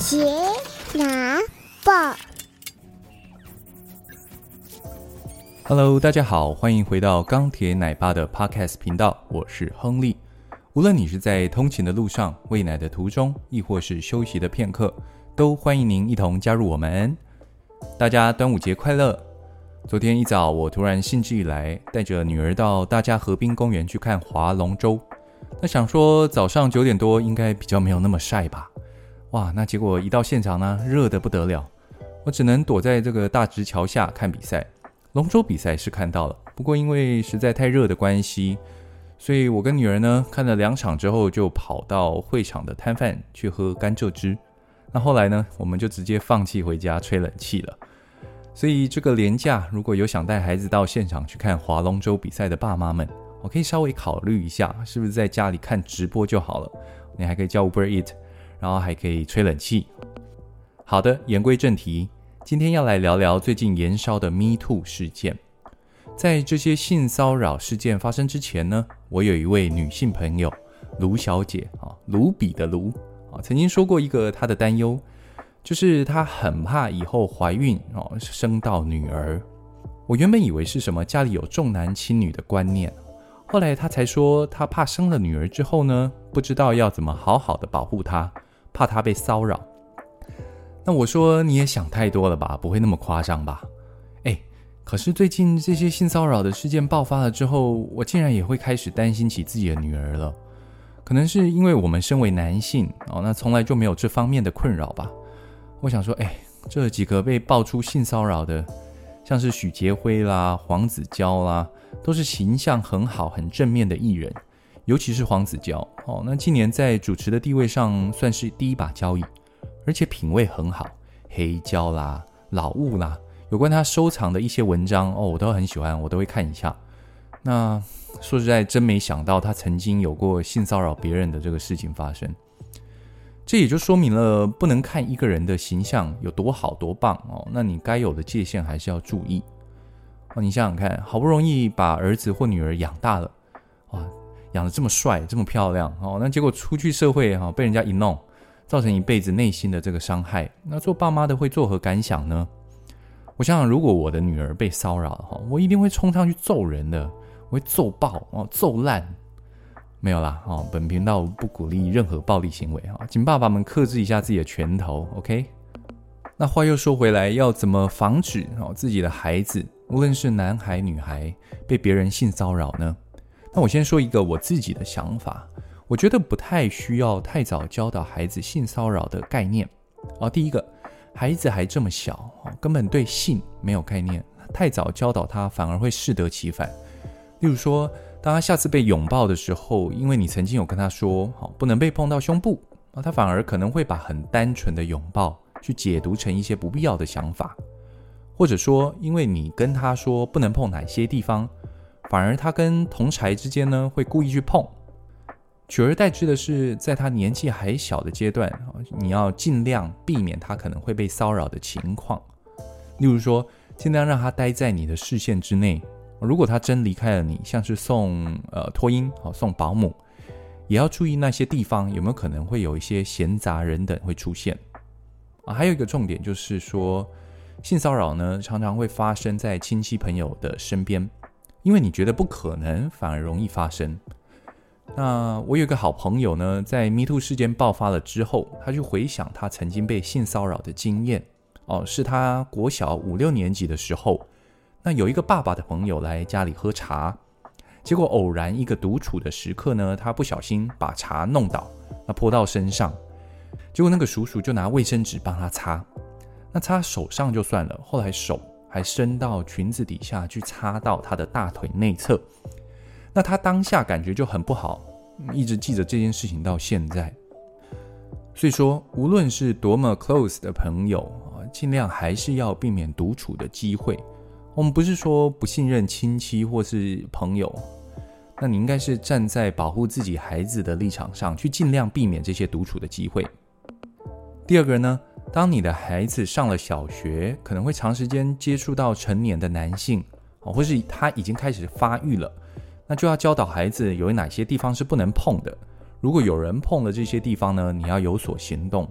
《傑拿報》Hello，大家好，歡迎回到鋼鐵奶爸的 Podcast 頻道，我是亨利。無論你是在通勤的路上、餵奶的途中，亦或是休息的片刻，都歡迎您一同加入我們。大家端午節快樂！昨天一早，我突然興致一來，帶着女兒到大佳河濱公園去看划龍舟。那想說早上九點多，應該比較沒有那麼曬吧。哇，那結果一到現場呢，熱得不得了，我只能躲在這個大直橋下看比賽。龍舟比賽是看到了，不過因為實在太熱的關係，所以我跟女兒呢看了兩場之後，就跑到會場的攤販去喝甘蔗汁。那後來呢，我們就直接放棄回家吹冷氣了。所以這個連假，如果有想帶孩子到現場去看划龍舟比賽的爸媽們，我可以稍微考慮一下，是不是在家裡看直播就好了？你還可以叫 Uber Eat。然後還可以吹冷氣。好的，言歸正題，今天要來聊聊最近延燒的 Me Too 事件。在這些性騷擾事件發生之前呢，我有一位女性朋友盧小姐啊，盧比的盧啊，曾經說過一個她的擔憂，就是她很怕以後懷孕啊生到女兒。我原本以為是什麼家裡有重男輕女的觀念，後來她才說她怕生了女兒之後呢，不知道要怎麼好好的保護她。怕她被騷擾，那我說你也想太多了吧，不會那麼誇張吧？哎，可是最近這些性騷擾的事件爆發了之後，我竟然也會開始擔心起自己的女兒了。可能是因為我們身為男性哦，那從來就沒有這方面的困擾吧？我想說，哎，這幾個被爆出性騷擾的，像是許傑輝啦、黃子佼啦，都是形象很好、很正面的藝人。尤其是黃子佼哦，那近年在主持的地位上算是第一把交椅，而且品味很好，黑膠啦、老物啦，有關他收藏的一些文章哦，我都很喜歡，我都會看一下。那說實在，真沒想到他曾經有過性騷擾別人的這個事情發生。這也就說明了，不能看一個人的形象有多好、多棒哦，那你該有的界限還是要注意哦。你想想看，好不容易把兒子或女兒養大了，哇、哦。養得這麼帥，這麼漂亮，哦，那結果出去社會哈、哦，被人家一弄，造成一輩子內心的這個傷害，那做爸媽的會作何感想呢？我想想，如果我的女兒被騷擾、哦、我一定會衝上去揍人的，我會揍爆啊，揍、哦、爛，沒有啦、哦，本頻道不鼓勵任何暴力行為哈、哦，請爸爸們克制一下自己的拳頭，OK？那話又說回來，要怎麼防止、哦、自己的孩子，無論是男孩女孩，被別人性騷擾呢？那我先說一個我自己的想法，我覺得不太需要太早教導孩子性騷擾的概念啊。第一個，孩子還這麼小，根本對性沒有概念，太早教導他反而會適得其反。例如說，當他下次被擁抱的時候，因為你曾經有跟他說“好不能被碰到胸部”，那他反而可能會把很單純的擁抱去解讀成一些不必要的想法，或者說，因為你跟他說不能碰哪些地方。反而他跟同儕之間呢，會故意去碰，取而代之的是，在他年紀還小的階段你要儘量避免他可能會被騷擾的情況，例如說，儘量讓他待在你的視線之內。如果他真離開了你，像是送呃托嬰，好送保姆，也要注意那些地方有沒有可能會有一些閒雜人等會出現。啊，還有一個重點就是說，性騷擾呢，常常會發生在親戚朋友的身邊。因為你覺得不可能，反而容易發生。那我有個好朋友呢，在 MeToo 事件爆發了之後，他就回想他曾經被性騷擾的經驗。哦，是他國小五六年級的時候，那有一個爸爸的朋友來家裡喝茶，結果偶然一個獨處的時刻呢，他不小心把茶弄倒，那潑到身上，結果那個叔叔就拿衛生紙幫他擦，那擦手上就算了，後來手。還伸到裙子底下去插到他的大腿內側，那他當下感覺就很不好，一直記着這件事情到現在。所以說，無論是多麼 close 的朋友啊，盡量還是要避免獨處的機會。我們不是說不信任親戚或是朋友，那你應該是站在保護自己孩子的立場上去盡量避免這些獨處的機會。第二個呢？當你的孩子上了小學，可能會長時間接觸到成年的男性啊，或是他已經開始發育了，那就要教導孩子有哪些地方是不能碰的。如果有人碰了這些地方呢，你要有所行動。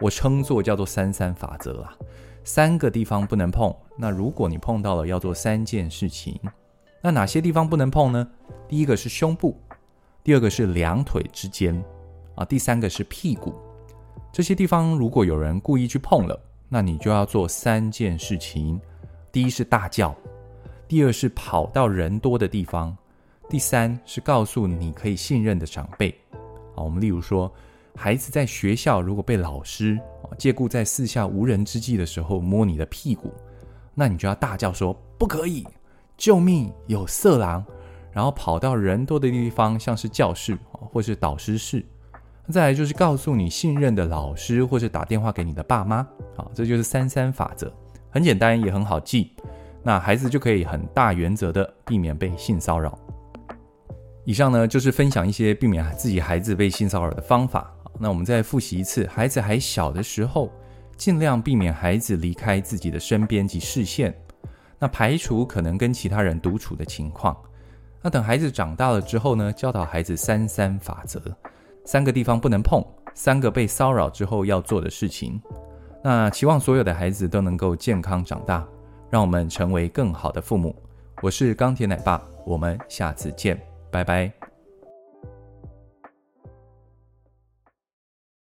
我稱作叫做三三法則啦，三個地方不能碰。那如果你碰到了，要做三件事情。那哪些地方不能碰呢？第一個是胸部，第二個是兩腿之間啊，第三個是屁股。這些地方如果有人故意去碰了，那你就要做三件事情：第一是大叫，第二是跑到人多的地方，第三是告訴你可以信任的長輩。啊，我們例如說，孩子在學校如果被老師啊借故在四下無人之際的時候摸你的屁股，那你就要大叫說不可以，救命，有色狼！然後跑到人多的地方，像是教室或是導師室。再來就是告訴你信任的老師，或者打電話給你的爸媽。好，哦，這就是三三法則，很簡單也很好記。那孩子就可以很大原則的避免被性騷擾。以上呢就是分享一些避免自己孩子被性騷擾的方法。那我們再複習一次：孩子還小的時候，盡量避免孩子離開自己的身邊及視線，那排除可能跟其他人獨處的情況。那等孩子長大了之後呢，教導孩子三三法則。三個地方不能碰，三個被騷擾之後要做的事情。那期望所有的孩子都能夠健康長大，讓我們成為更好的父母。我是鋼鐵奶爸，我們下次見，拜拜。